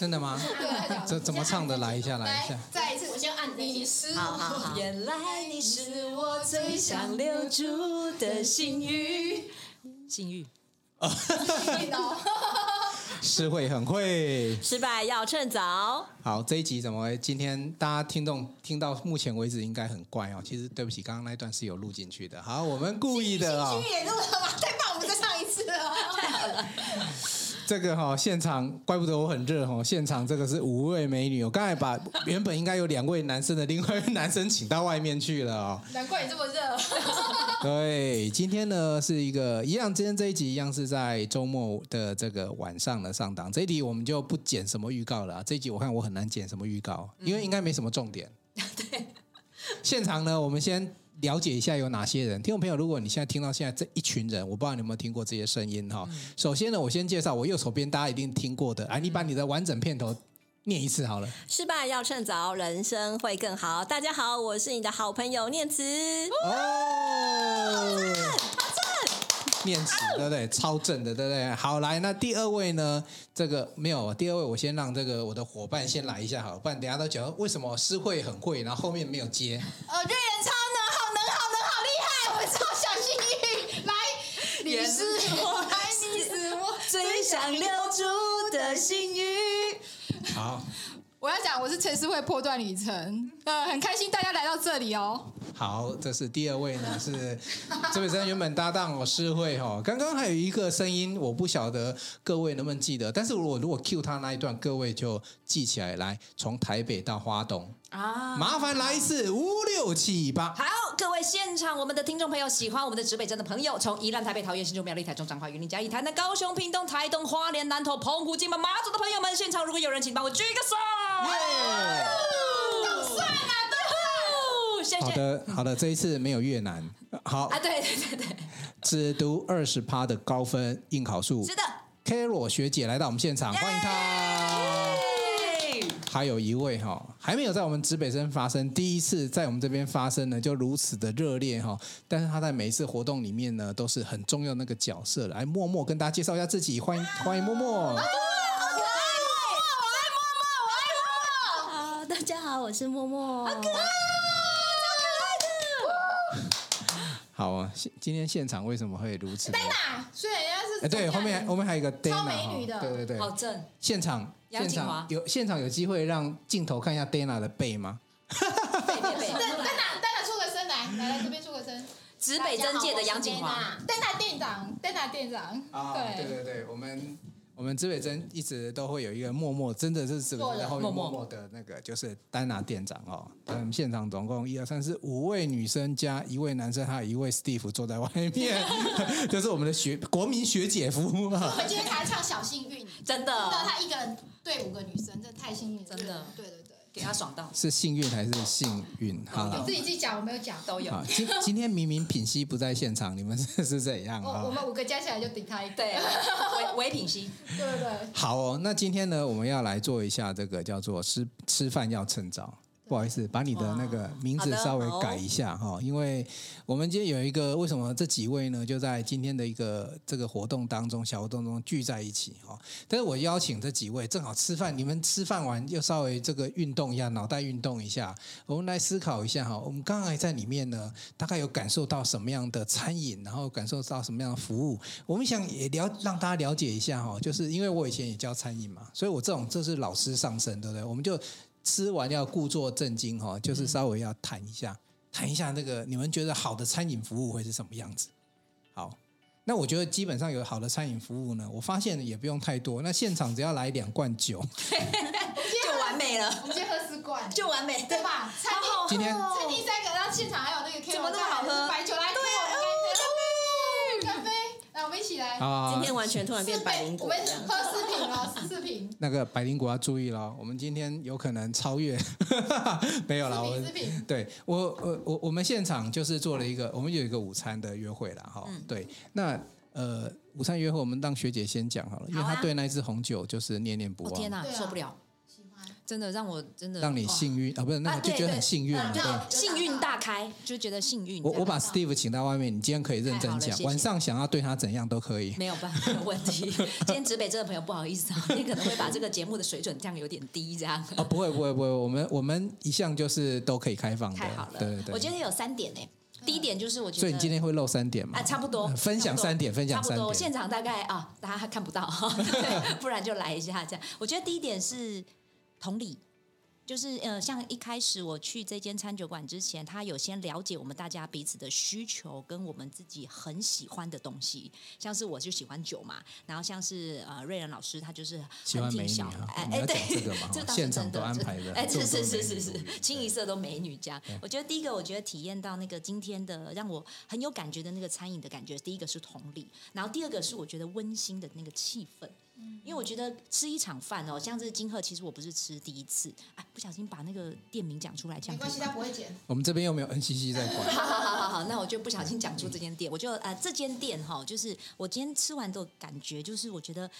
真的嗎？怎、啊、怎麼唱的來一下，來一下。再一次，我先按你。好好，好，原來你是我最想留住的幸運。幸運。哦幸運哦，詩慧很會。失敗要趁早。好，這一集怎麼今天大家聽眾聽到目前為止應該很怪哦。其實對不起，剛剛那一段是有錄進去的。好，我們故意的啊。進去也錄了嗎？再、哦、放，我們再唱一次太好了！ 這個哈、哦、現場，怪不得我很熱哈、哦！現場這個是五位美女，我剛才把原本應該有兩位男生的另外一位男生請到外面去了。難怪你這麼熱。對，今天呢是一個一樣，今天這一集一樣是在周末的這個晚上的上檔，這一集我們就不剪什麼預告了、啊。這一集我看我很難剪什麼預告，因為應該沒什麼重點。對，現場呢，我們先。了解一下有哪些人，聽眾朋友，如果你現在聽到現在這一群人，我不知道你有沒有聽過這些聲音哈、嗯。首先呢，我先介紹我右手邊，大家一定聽過的，啊、嗯，你把你的完整片頭念一次好了。失敗要趁早，人生會更好。大家好，我是你的好朋友念慈。哦，好正，好正，念慈，對不對？超正的，對不對？好，來，那第二位呢？這個沒有，第二位我先讓這個我的夥伴先來一下，好了，不然等下都覺得為什麼詩慧很會，然後後面沒有接。瑞仁超 也是我愛 你是，是我，我最想留住的幸運 好，我要講，我是陳詩慧，波段旅程， 呃，很開心大家來到這裡哦。好，這是第二位呢，是指北針原本搭檔詩慧哈。剛剛還有一個聲音，我不曉得各位能不能記得，但是我如果如果 Q 他那一段，各位就記起來，來從台北到花東啊，麻煩來一次、啊、五六七八。好，各位現場我們的聽眾朋友，喜歡我們的指北針的朋友，從宜蘭台北桃園新竹苗栗台中彰化雲林嘉義台南高雄屏東台東花蓮南投澎湖金門馬祖的朋友們，現場如果有人，請幫我舉一個手。Yeah! 謝謝，好的，好的，這一次沒有越南，好啊，對對對，只讀二十趴的高分應考數，是的，Carol 學姐來到我們現場，Yay! 歡迎她。Yay! 還有一位哈，還沒有在我們指北針發生，第一次在我們這邊發生呢，就如此的熱烈哈。但是她在每一次活動裡面呢，都是很重要的那個角色，來，哎，默默跟大家介紹一下自己，歡迎歡迎默默、哎 OK。我愛默默，我愛默默、哎，我愛默默。好，大家好，我是默默。好可愛。好啊，今天現場為什麼會如此？Dana，雖然人家是，欸、對，後面後面還有一個超美女的，哦、對對對，好、哦、正。現場，楊金華有現場有機會讓鏡頭看一下 Dana 的背嗎？哈哈哈！Dana，Dana 出個聲來，來來這邊出個聲，指北針界的楊金華，Dana 店長，Dana 店長，對、啊、對對對，我們。我們指北針一直都會有一個默默，真的是然後默默的那個，就是丹娜店長哦、嗯。我們現場總共一二三四五位女生加一位男生，還有一位 Steve 坐在外面， 就是我們的學國民學姐夫。我們今天他還唱小幸運真，真的，他一個人對五個女生，這的太幸運了，真的，對對對。對給他爽到、嗯、是幸運還是幸運？嗯、好，你自己講，我沒有講，都有。今今天明明品熙不在現場，你們是是怎樣、 哦？我們五個加起來就頂他一對、啊、唯，唯品熙， 對不對？好、哦，那今天呢，我們要來做一下這個叫做吃吃飯要趁早。不好意思，把你的那個名字稍微改一下哈、哦，因為我們今天有一個為什麼這幾位呢？就在今天的一個這個活動當中，小活動中聚在一起哈。但是我邀請這幾位，正好吃飯，你們吃飯完又稍微這個運動一下，腦袋運動一下，我們來思考一下哈。我們剛才在裡面呢，大概有感受到什麼樣的餐飲，然後感受到什麼樣的服務。我們想也了讓大家了解一下哈，就是因為我以前也教餐飲嘛，所以我這種這是老師上身，對不對？我們就。吃完要故作震驚哈，就是稍微要談一下，談、嗯、一下那個你們覺得好的餐飲服務會是什麼樣子？好，那我覺得基本上有好的餐飲服務呢，我發現也不用太多，那現場只要來兩罐酒， 就完美了。我們先喝四罐就完美，對吧？對吧餐後、哦、餐廳三個，然後現場還有。啊、oh！今天完全突然變百靈果。我們喝四瓶哦，四瓶。那個百靈果要注意了，我們今天有可能超越， 沒有了，老溫。對我，我，我，我們現場就是做了一個，我們有一個午餐的約會了哈。對，那呃，午餐約會我們當學姐先講好了，好啊、因為她對那支紅酒就是念念不忘。哦、天、啊、受不了！真的讓我真的讓你幸運啊、哦，不是那我、個、就覺得很幸運了、啊嗯，幸運大開，就覺得幸運。我我把 Steve 請到外面，你今天可以認真講，謝謝晚上想要對他怎樣都可以。沒有辦法有問題。 今天指北這個朋友不好意思、哦，啊，你可能會把這個節目的水準降有點低，這樣。啊、哦，不會不會不會，我們我們一向就是都可以開放的。對對對。我覺得有三點呢。第一點就是我覺得，呃、所以你今天會露三點嗎、啊？差不多。分享三點，分享三點多。現場大概啊，大家還看不到 對，不然就來一下。 這樣，我覺得第一點是。同理，就是呃，像一開始我去這間餐酒館之前，他有先了解我們大家彼此的需求跟我們自己很喜歡的東西，像是我就喜歡酒嘛，然後像是呃瑞仁老師他就是很小喜歡美女啊，哎，講這個嘛，哎，這倒是真的，現場都安排的，哎多多，是是是是是，清一色都美女家，這樣。我覺得第一個，我覺得體驗到那個今天的讓我很有感覺的那個餐飲的感覺，嗯，第一個是同理，然後第二個是我覺得溫馨的那個氣氛。嗯，那個氣氛嗯、因為我覺得吃一場飯哦，像這今鶴，其實我不是吃第一次，哎、啊，不小心把那個店名講出來，這樣沒關係，他不會剪。我們這邊又沒有 NCC 在管， 好好好，那我就不小心講出這間店，我就啊、呃，這間店哈、哦，就是我今天吃完的感覺，就是我覺得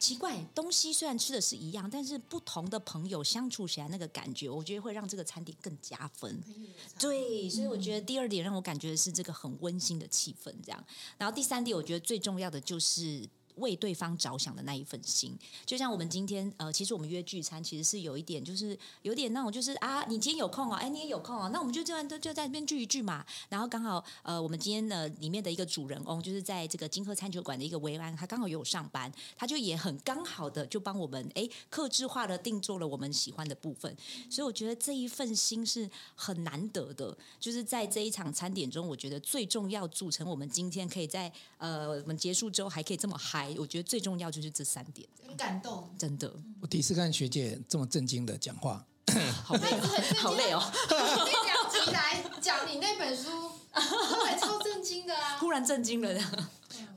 奇怪，東西雖然吃的是一樣，但是不同的朋友相處起來的那個感覺，我覺得會讓這個餐廳更加分、嗯。對，所以我覺得第二點讓我感覺的是這個很溫馨的氣氛，這樣。然後第三點，我覺得最重要的就是。為對方着想的那一份心，就像我們今天呃，其實我們約聚餐，其實是有一點，就是有點那種，就是啊，你今天有空哦，哎，你也有空哦，那我們就就就就在那邊聚一聚嘛。然後剛好呃，我們今天的裡面的一個主人公就是在這個今鶴餐酒館的一個維安，他剛好也有上班，他就也很剛好的就幫我們哎，客製化的定做了我們喜歡的部分。所以我覺得這一份心是很難得的，就是在這一場餐點中，我覺得最重要組成我們今天可以在呃我們結束之後還可以這麼嗨。我覺得最重要就是這三點這，很感動，真的。我第一次看學姐這麼震驚的講話、欸，好累哦，好累哦，所以講起來講你那本書突然說震驚的啊，突然震驚了、啊。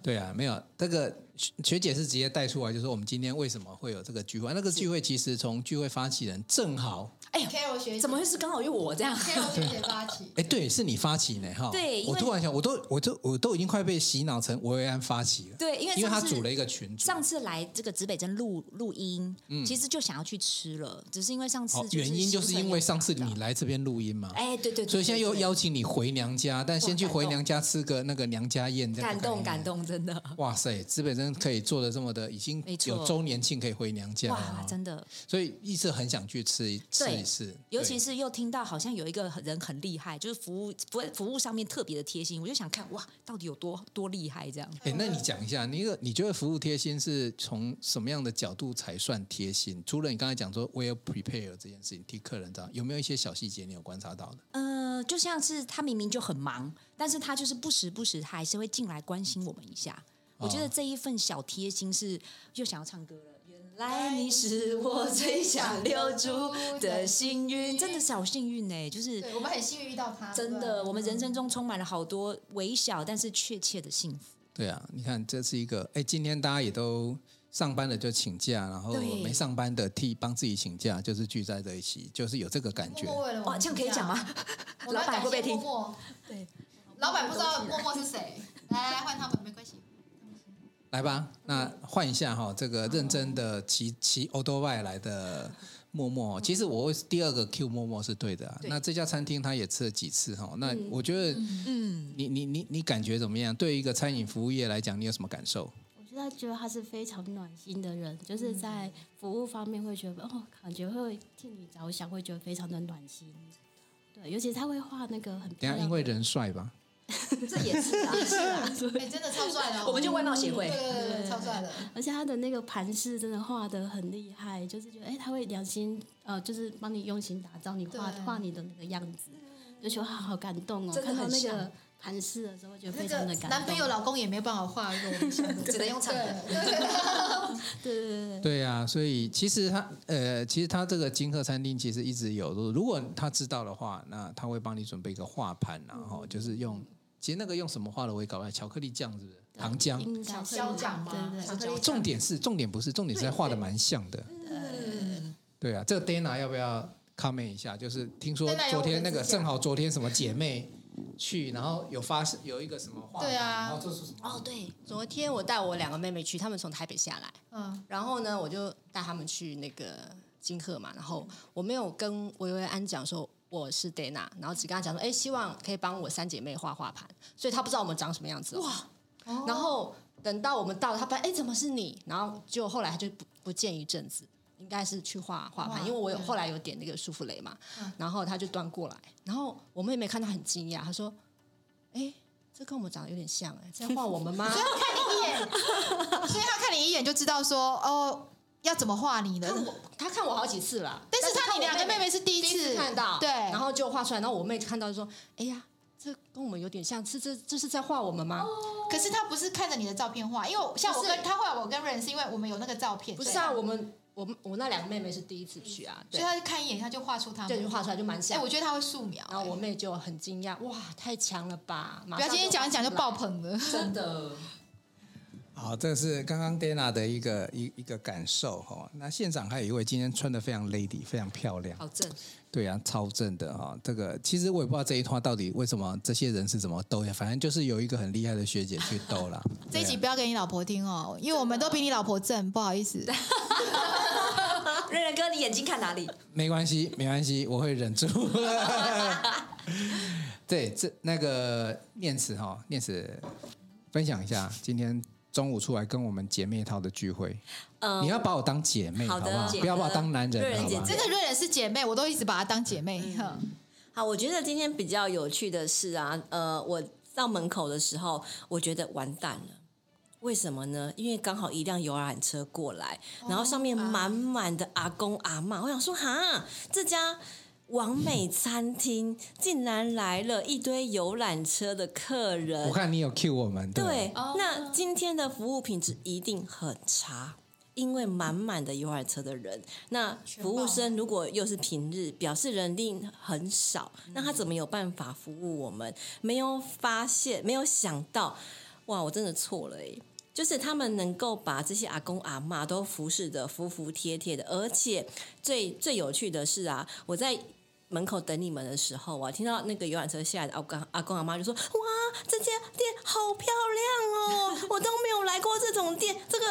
對啊，沒有，那、這個學姐是直接帶出來，就說我們今天為什麼會有這個聚會？那個聚會其實從聚會發起人正好。哎，可以我學，怎麼會是剛好為我這樣？可以我學發起，哎，對，是你發起呢哈。對，對，我突然想，我都，我都，我都已經快被洗腦成薇薇安發起了。對，因為因為他組了一個群，上次來這個指北針錄錄音，其實就想要去吃了，嗯、只是因為上次就原因就是因為上次你來這邊錄音嘛。哎，對對對，對，對，對，所以現在又邀請你回娘家，但先去回娘家吃個那個娘家宴這，這樣感動感動，真的。哇塞，指北針可以做的這麼的，已經有周年慶可以回娘家了，哇，真的。所以一直很想去吃一次。是，尤其是又聽到好像有一個人很厲害，就是服務服務服務，上面特別的貼心，我就想看哇，到底有多多厲害這樣。哎，那你講一下，那個你覺得服務貼心是從什麼樣的角度才算貼心？除了你剛才講說 “well prepare” 這件事情，替客人這樣，有沒有一些小細節你有觀察到的？嗯、呃，就像是他明明就很忙，但是他就是不時不時，還是會進來關心我們一下。我覺得這一份小貼心是又想要唱歌了。來，你是我最想留住的幸運，真的小幸運呢、欸。就是對，我們很幸運遇到他、啊，真的，我們人生中充滿了好多微小但是確切的幸福。對啊，你看，這是一個，哎，今天大家也都上班的就請假，然後沒上班的替幫自己請假，就是聚在這一起，就是有這個感覺。哇，這樣可以講嗎我？老闆會不會聽？對，老闆不知道默默是誰。是誰 來來，換他們，沒關係。來吧，那換一下哈、哦嗯，這個認真的騎騎 outdoor 來的默默，其實我第二個 Q 默默是對的、啊、對，那這家餐廳他也吃了幾次哈、哦，那我覺得嗯，嗯，你你你你感覺怎麼樣？對於一個餐飲服務業來講，你有什麼感受？我覺得他覺得他是非常暖心的人，就是在服務方面會覺得、嗯、哦，感覺會替你着想，會覺得非常的暖心。對，尤其他會畫那個很等，等下因為人帥吧。 這也是啊, 是啊，是啊，哎、欸，真的超帥的、哦，我們就外貌協會，對對對，對超帥的，而且他的那個盤飾真的畫的很厲害，就是覺得哎，他、欸、會良心呃，就是幫你用心打造你畫畫你的那個樣子，而且他好感動哦，很看到那個盤飾的時候，就非常的感動，感、那個、男朋友老公也沒有辦法畫過， 只能用長的，對對對對 對,對,對,對,對、啊、所以其實他呃，其實他這個今鶴餐廳其實一直有，如果他知道的話，那他會幫你準備一個畫盤，然後就是用。其實那個用什麼畫的，我也搞不來。巧克力醬是不是？對，糖漿、醬焦糖嗎？對對醬、啊？重點是，重點不是，重點是在畫的蠻像的。對，對，對，對，對，對啊、嗯，這個 Dana 要不要 comment 一下？就是聽說昨天那個，嗯、正好，昨天什麼姐妹去，然後有發有一個什麼話。對啊，然後這是什麼哦，對，昨天我帶我兩個妹妹去，他們從台北下來，嗯，然後呢，我就帶他們去那個今鶴嘛，然後我沒有跟薇薇安講說。我是 Dana，然後只跟他講說，哎、欸，希望可以幫我三姐妹畫畫盤，所以他不知道我們長什麼樣子、哦。哇！哦、然後等到我們到他發現，哎、欸，怎麼是你？然後就後來他就不不見一陣子，應該是去畫畫盤，因為我有我後來有點那個舒芙蕾嘛、嗯，然後他就端過來，然後我妹妹看到很驚訝，她說：“哎、欸，這跟我們長得有點像、欸，哎，在畫我們嗎？”所 以看你一眼，所以他看你一眼就知道說，哦，要怎麼畫你呢？他看我好幾次了，他你兩個妹妹是第一，妹妹第一次看到，對，然後就畫出來。然後我妹看到就說：“哎呀，這跟我們有點像，是這這是在畫我們嗎、哦？”可是他不是看着你的照片畫，因為像是他畫我跟瑞仁，是因為我們有那個照片。不是啊，啊我們我們我那兩個妹妹是第一次去啊，對，所以他就看一眼，他就畫出他妹妹，對，就畫出來就蠻像。哎，我覺得他會素描。然後我妹就很驚訝：“哇，太強了吧！”不要今天講一講就爆棚了，真的。好，這是剛剛 Dana 的一個一個一個感受哈、哦。那現場還有一位今天穿得非常 lady，非常漂亮，超正。對啊，超正的哈、哦。這個其實我也不知道這一套到底為什麼這些人是怎麼鬥，反正就是有一個很厲害的學姐去鬥啦、啊。這一集不要給你老婆聽哦，因為我們都比你老婆正，不好意思。瑞 仁哥，你眼睛看哪裡？沒關係，沒關係，我會忍住。 對，這那個念慈哈、哦，念慈分享一下今天，中午出來跟我們姐妹淘的聚會，嗯、你要把我當姐妹，好，好不好？不要把我當男人，瑞仁姐姐好，這個瑞仁是姐妹，我都一直把她當姐妹、嗯。好，我覺得今天比較有趣的是啊，呃，我到門口的時候，我覺得完蛋了。為什麼呢？因為剛好一輛遊覽車過來、哦，然後上面滿滿的阿公阿嬤，我想說，哈，這家。網美餐廳竟然來了一堆遊覽車的客人，我看你有 cue 我們。對，對那今天的服務品質一定很差，因為滿滿的遊覽車的人，那服務生如果又是平日，表示人力很少，那他怎麼有辦法服務我們？沒有發現，沒有想到，哇，我真的錯了誒！就是他們能夠把這些阿公阿嬤都服侍的服服帖帖的，而且最最有趣的是啊，我在。門口等你們的時候啊，聽到那個遊覽車下來，阿公阿公阿媽就說：“哇，這間店好漂亮哦，我都沒有來過這種店，這個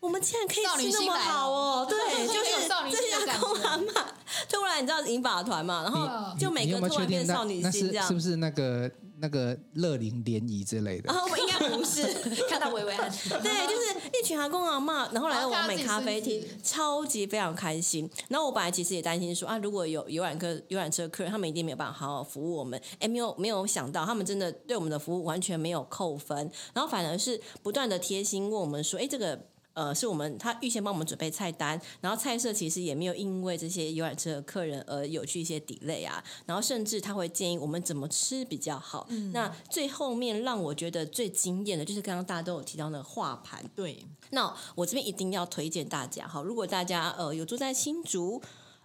我們竟然可以吃那麼好哦！”對，就是這些、就是就是、阿公阿媽。突然來，你知道銀髮團嘛？然後就每個突然變少女心這樣，有有是，是不是那個那個樂齡聯誼之類的？ 不 是，看到薇薇很， 對，就是一群阿公阿、啊、嬤，然後來到完美咖啡廳，超級非常開心。 然後我本來其實也擔心說，啊，如果有遊覽客、遊覽車客人，他們一定沒有辦法好好服務我們。哎，沒有沒有想到，他們真的對我們的服務完全沒有扣分，然後反而是不斷的貼心問我們說，哎，這個。呃，是我們他預先幫我們準備菜單，然後菜色其實也沒有因為這些遊覽車的客人而有去一些 delay 啊，然後甚至他會建議我們怎麼吃比較好，嗯。那最後面讓我覺得最驚豔的就是剛剛大家都有提到那個畫盤，對，那我這邊一定要推薦大家哈，如果大家呃有住在新竹。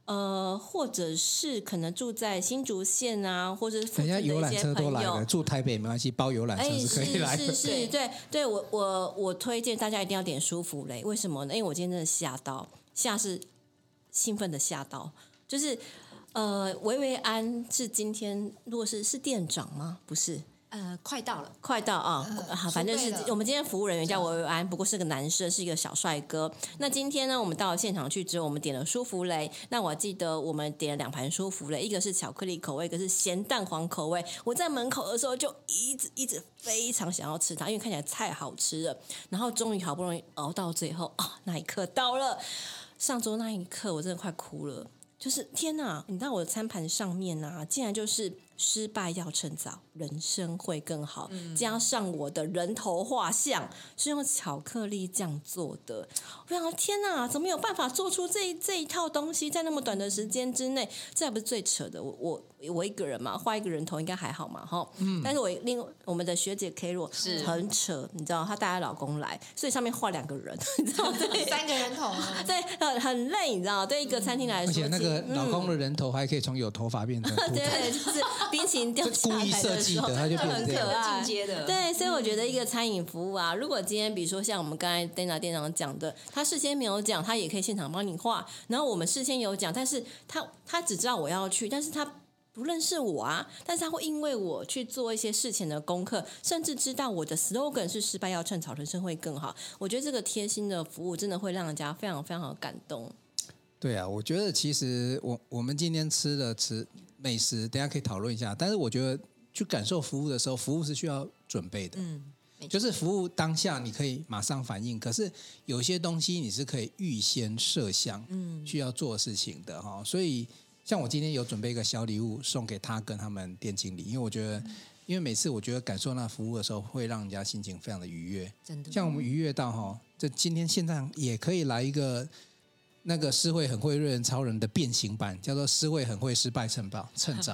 呃，或者是可能住在新竹縣啊，或者附近遊覽車都來了，住台北沒關係，包遊覽車是可以來，欸。是是是，是，對對，我我我推薦大家一定要點舒芙蕾，為什麼呢？因為我今天真的嚇到，嚇是興奮的嚇到，就是呃，維維安是今天是，如果是是店長嗎？不是。呃，快到了，快到啊！好、哦呃，反正是我們今天服務人員叫薇薇安，不過是個男生，是一個小帥哥。那今天呢，我們到了現場去之後，我們點了舒芙蕾。那我記得我們點了兩盤舒芙蕾，一個是巧克力口味，一個是鹹蛋黃口味。我在門口的時候就一直一直非常想要吃它，因為看起來太好吃了。然後終於好不容易熬到最後啊，那、哦、一刻到了上桌那一刻，我真的快哭了。就是天哪，你到我的餐盤上面吶、啊，竟然就是。失敗要趁早，人生會更好。嗯、加上我的人頭畫像是用巧克力醬做的，我想天哪，怎麼有辦法做出這這一套東西，在那麼短的時間之內？這還不是最扯的，我我我一個人嘛，畫一個人頭應該還好嘛，哈、嗯。但是我另我們的學姐 K 若是很扯是，你知道，她帶她老公來，所以上面畫兩個人，你知道嗎，三個人頭，對，很很累，你知道嗎，對一個餐廳來說、嗯，而且那個老公的人頭還可以從有頭髮變成、嗯、 對，就是。 冰淇淋掉下來的時候，他就變很可愛，進階的。對，所以我覺得一個餐飲服務啊，如果今天比如說像我們剛才店長店長講的，他事先沒有講，他也可以現場幫你畫。然後我們事先有講，但是他他只知道我要去，但是他不認識我啊，但是他會因為我去做一些事前的功課，甚至知道我的 slogan 是失敗要趁早，人生會更好。我覺得這個貼心的服務真的會讓人家非常非常感動。對啊，我覺得其實我我們今天吃的吃。美食，等下可以討論一下。但是我覺得，去感受服務的時候，服務是需要準備的。嗯，就是服務當下你可以馬上反應，嗯、可是有些東西你是可以預先設想，嗯，需要做事情的哈、嗯。所以，像我今天有準備一個小禮物送給他跟他們店經理，因為我覺得，嗯、因為每次我覺得感受那服務的時候，會讓人家心情非常的愉悅。真的，像我們愉悅到哈，這今天現在也可以來一個。那個詩慧很會瑞仁超人的變形版叫做詩慧很會失敗趁報趁早，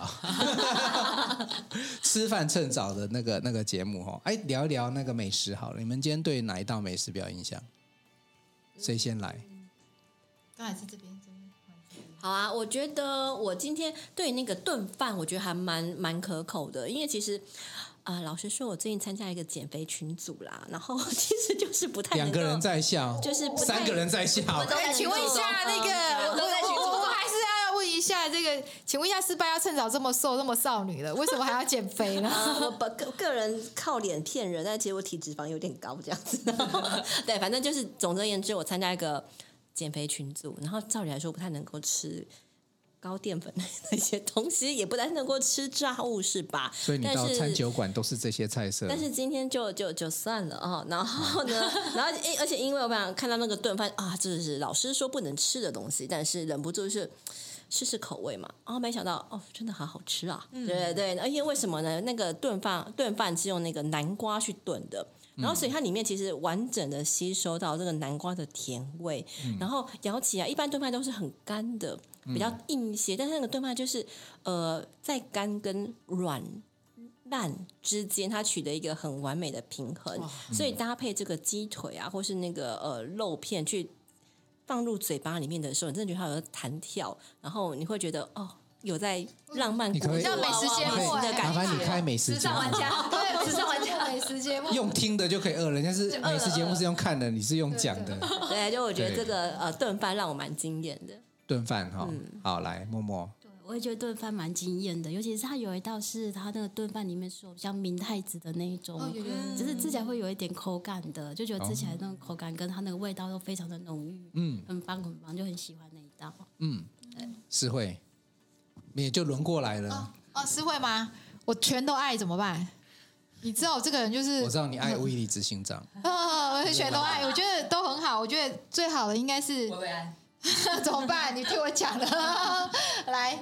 吃飯趁早，的那個那個節目哈，哎，聊一聊那個美食好了，你們今天對哪一道美食比較印象？誰先來？嗯、剛才是這邊，這邊，這邊好啊。我覺得我今天對那個燉飯，我覺得還蠻蠻可口的，因為其實。啊、呃，老實說，我最近參加一個減肥群組啦，然後其實就是不太，是不太……兩個人在笑，就是三個人在笑。我都在、欸、請問一下那個，我我還是要問一下這個，請問一下，吃飯要趁早，這麼瘦，這麼少女的，為什麼還要減肥呢？ 啊、我不個我個人靠臉騙人，但其實我體脂肪有點高，這樣子。對，反正就是，總而言之，我參加一個減肥群組，然後照理來說不太能夠吃。高澱粉那些東西也不太能夠吃炸物是吧？所以你到餐酒館都是這些菜色。但是，但是今天就就就算了啊、哦！然後呢，嗯、然後而且因為我剛看到那個燉飯啊，這就是老師說不能吃的東西，但是忍不住是試試口味嘛。啊，沒想到哦，真的好好吃啊！對、嗯、對對，而且為，為什麼呢？那個燉飯燉飯是用那個南瓜去燉的，然後所以它裡面其實完整的吸收到這個南瓜的甜味，嗯、然後咬起來、啊、一般燉飯都是很乾的。比較硬一些，但是那個燉飯就是，呃，在乾跟軟爛之間，它取得一個很完美的平衡，嗯、所以搭配這個雞腿啊，或是那個呃肉片去放入嘴巴裡面的時候，你真的覺得它有彈跳，然後你會覺得哦，有在浪漫、啊，像、嗯哎美，啊啊、美食節目的感覺。麻煩你開美食，時尚玩家對，時尚玩家美食節目用聽的就可以餓了，人家是美食節目是用看的，你是用講的。呃、對、對、對、對，就我覺得這個呃燉飯讓我蠻驚艷的。燉飯哈，好來摸摸。對，我也覺得燉飯蠻驚豔的，尤其是他有一道是他那個燉飯裡面是有像明太子的那一種，就、哦嗯、是吃起來會有一點口感的，就覺得吃起來那種口感跟它那個味道都非常的濃郁，嗯，很棒很棒，就很喜歡那一道。嗯，對，詩慧，你也就輪過來了。哦、嗯，詩、嗯、慧嗎？我全都愛怎麼辦？你知道我這個人就是，我知道你愛無以你之心臟。嗯，我、嗯嗯嗯、全都愛，我覺得都很好，我覺得最好的應該是。 怎麼辦？你聽我講的。 來。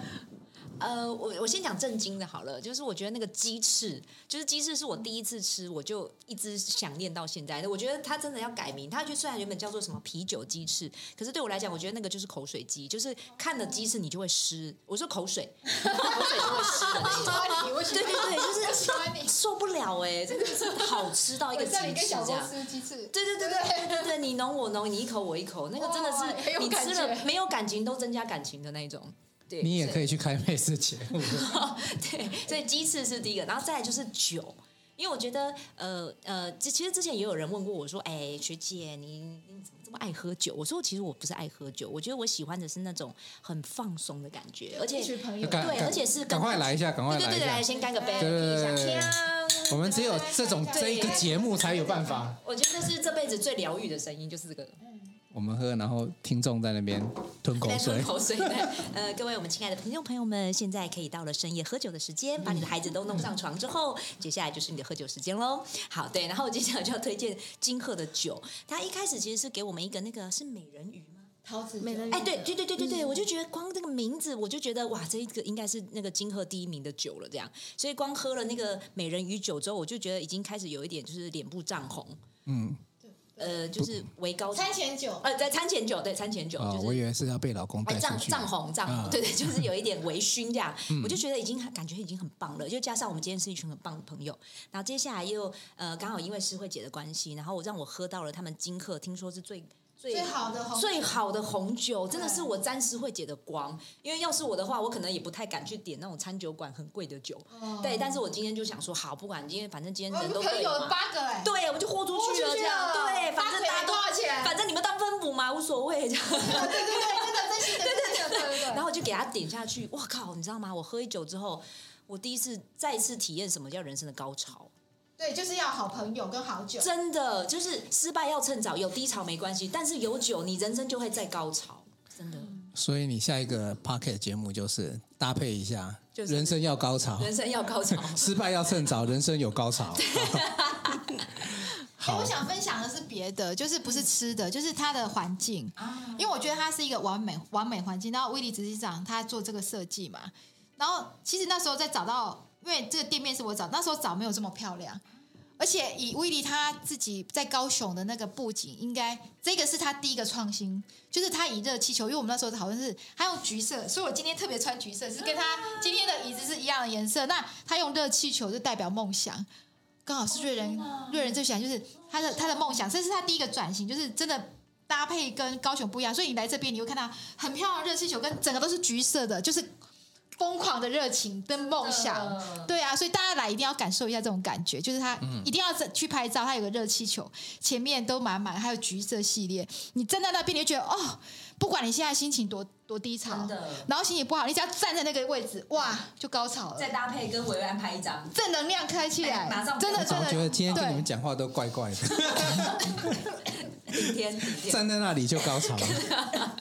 呃，我我先講正經的好了，就是我覺得那個雞翅，就是雞翅是我第一次吃，我就一直想念到現在的。我覺得他真的要改名，他就雖然原本叫做什麼啤酒雞翅，可是對我來講，我覺得那個就是口水雞，就是看了雞翅你就會濕。我說口水，口水就會濕的那種。 對對對，就是受,受不了哎、欸，這 個是好吃到一個。那 你雞吃雞對對對對對， 你儂我儂，你一口我一口，那個真的是你吃了沒有感情都增加感情的那種。對，你也可以去開美食節目。對。 對，所以雞翅是第一個，然後再來就是酒，因為我覺得，呃呃，其實之前也有人問過我說，哎、欸，學姐，你你怎麼這麼愛喝酒？我說，其實我不是愛喝酒，我覺得我喜歡的是那種很放鬆的感覺，而且學朋友對，對，而且是趕快，快來一下，趕快來一下，對對對對，先乾個杯，對對對對對對對對，我們只有這種這一個節目才有辦法。我覺得是這輩子最療癒的聲音，就是這個。嗯。我們喝，然後聽眾在那邊吞口水。口水。呃，各位我們親愛的聽眾朋友們， 現在可以到了深夜喝酒的時間，把你的孩子都弄上床之後，接下來就是你的喝酒時間嘍。好，對，然後我接下來就要推薦今鶴的酒。他一開始其實是給我們一個那個是美人魚嗎？桃子美人魚。哎、欸，對對對對對對，嗯，我就覺得光這個名字我就覺得哇，這一個應該是那個今鶴第一名的酒了這樣。所以光喝了那個美人魚酒之後，我就覺得已經開始有一點就是臉部漲紅。嗯。呃，就是為高餐前酒，呃，在餐前酒，對餐前酒，哦就是，我以為是要被老公帶藏漲漲紅漲，啊，對對，就是有一點微醺這樣，嗯，我就覺得已經感覺已經很棒了，就加上我們今天是一群很棒的朋友，然後接下來又呃剛好因為詩慧姐的關係，然後我讓我喝到了他們今鶴，聽說是最。最好的紅最好的紅酒，的紅酒真的是我沾詩慧姐的光，因為要是我的話，我可能也不太敢去點那種餐酒館很貴的酒。哦。對，但是我今天就想說，好，不管今天，反正今天人都可以嘛，哦八個。對，我就豁出去了，去了這樣對，反正大家多少錢，反正你們當分母嘛，無所謂這樣。 對，對對對，真的真心的、的、的，對對對對。然後我就給他點下去，我靠，你知道嗎？我喝一酒之後，我第一次再一次體驗什麼叫人生的高潮。對，就是要好朋友跟好酒。真的，就是失敗要趁早，有低潮沒關係，但是有酒，你人生就會再高潮。真的。嗯、所以你下一個 Podcast 節目就是搭配一下，就是、人生要高潮，人生要高潮， 失敗要趁早，人生有高潮。 欸、我想分享的是別的，就是不是吃的，嗯、就是它的環境、啊。因為我覺得它是一個完美完美環境。然後威利執行長他做這個設計嘛，然後其實那時候在找到。因為這個店面是我找那時候找沒有這麼漂亮而且以威力他自己在高雄的那個布景應該這個是他第一個創新就是他以熱氣球因為我們那時候好像是他用橘色所以我今天特別穿橘色是跟他今天的椅子是一樣的顏色。那他用熱氣球就代表夢想，剛好是瑞仁，oh, no. 瑞仁最想就是他的他的夢想，這是他第一個轉型，就是真的搭配跟高雄不一樣。所以你來這邊你會看到很漂亮熱氣球，跟整個都是橘色的，就是。瘋狂的熱情跟夢想，對啊，所以大家來一定要感受一下這種感覺，就是他一定要去拍照，他有個熱氣球，前面都滿滿，還有橘色系列，你站在那邊你就覺得哦，不管你現在心情多多低潮，然後心情不好，你只要站在那個位置，哇，就高潮了。再搭配跟委員拍一張，正能量開起來，馬上，哎，真的，真的，真的，真的，真的，真的。覺得今天跟你們講話都怪怪的。 今天今天站在那裡就高潮了。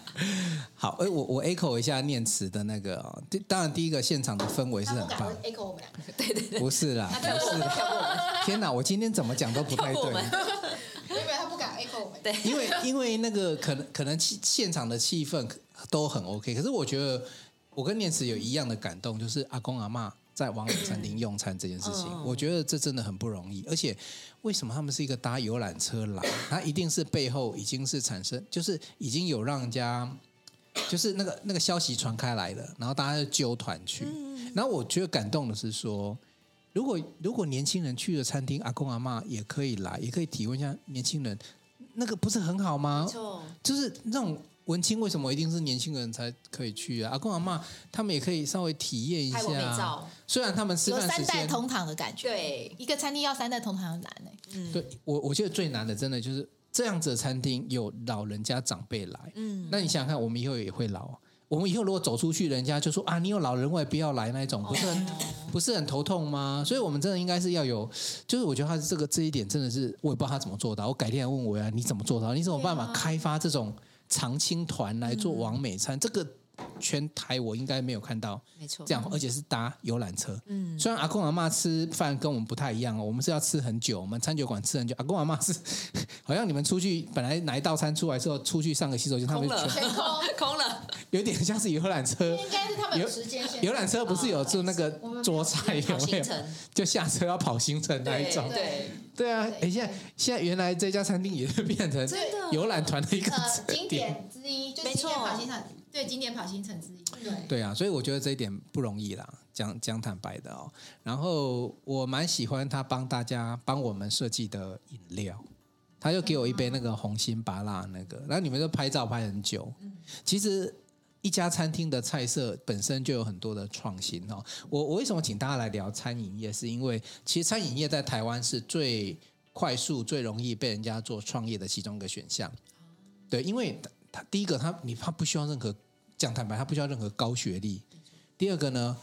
好，哎，我我 echo 一下念慈的那個，第當然第一個現場的氛圍是很棒。echo 我們兩個，對對不是啦，不是啦。啦。天哪，我今天怎麼講都不太對。因為他不敢 echo 我們，因為因為那個可能可能氣現場的氣氛都很 OK，可是我覺得我跟念慈有一樣的感動，就是阿公阿嬤。在王府餐廳用餐這件事情， oh. 我覺得這真的很不容易。而且，為什麼他們是一個搭遊覽車來？它一定是背後已經是產生，就是已經有讓人家，就是那個那個消息傳開來了，然後大家就揪團去。 然後我覺得感動的是說，如果如果年輕人去了餐廳，阿公阿媽也可以來，也可以體會一下年輕人，那個不是很好嗎？ 就是那種。文青為什麼一定是年輕人才可以去啊？阿公阿媽他們也可以稍微體驗一下，啊。雖然他們是三代同堂的感覺。對，一個餐廳要三代同堂很難呢。嗯，對我我覺得最難的，真的就是這樣子的餐廳有老人家長輩來。嗯，那你想想看，我們以後也會老，啊。我們以後如果走出去，人家就說啊，你有老人，我也不要來那一種，不是很不是很頭痛嗎？所以，我們真的應該是要有，就是我覺得他這個這一點，真的是我也不知道他怎麼做到。我改天來問我啊，你怎麼做到？你怎麼辦法開發這種？常青團來做網美餐，嗯，這個全台我應該沒有看到，沒錯，這樣而且是搭遊覽車。嗯，雖然阿公阿媽吃飯跟我們不太一樣哦，我們是要吃很久，我們餐酒館吃很久，阿公阿媽是好像你們出去本來拿一道餐出來之後出去上個洗手間，他們就全空了。 空了有點像是遊覽車，應該是他們有遊覽車不是有做那個桌菜，哦、有，有，有就下車要跑行程那一種，對對，對啊。等一、欸、現，現在原來這家餐廳也是變成遊覽團的一個經典之一，就是，跑沒錯。對經典跑行程之一，對對，對啊。所以我覺得這一點不容易啦，講講坦白的哦、喔。然後我蠻喜歡他幫大家幫我們設計的飲料，他就給我一杯那個紅心芭樂那個，然後你們就拍照拍很久。嗯，其實。一家餐廳的菜色本身就有很多的創新哈，我我為什麼請大家來聊餐飲業？是因為其實餐飲業在台灣是最快速、最容易被人家做創業的其中一個選項。對，因為他第一個他你他不需要任何講坦白，他不需要任何高學歷。第二個呢，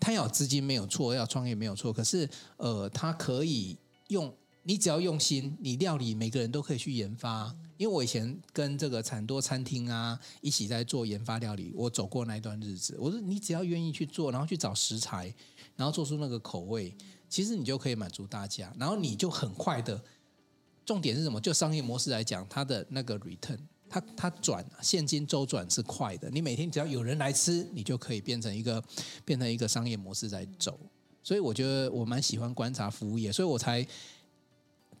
他要資金沒有錯，要創業沒有錯。可是呃，他可以用你只要用心，你料理每個人都可以去研發。因為我以前跟這個產多餐廳啊一起在做研發料理，我走過那一段日子。我說，你只要願意去做，然後去找食材，然後做出那個口味，其實你就可以滿足大家，然後你就很快的。重點是什麼？就商業模式來講，它的那個 return，它它轉現金周轉是快的。你每天只要有人來吃，你就可以變成一個變成一個商業模式在走。所以我覺得我蠻喜歡觀察服務業，所以我才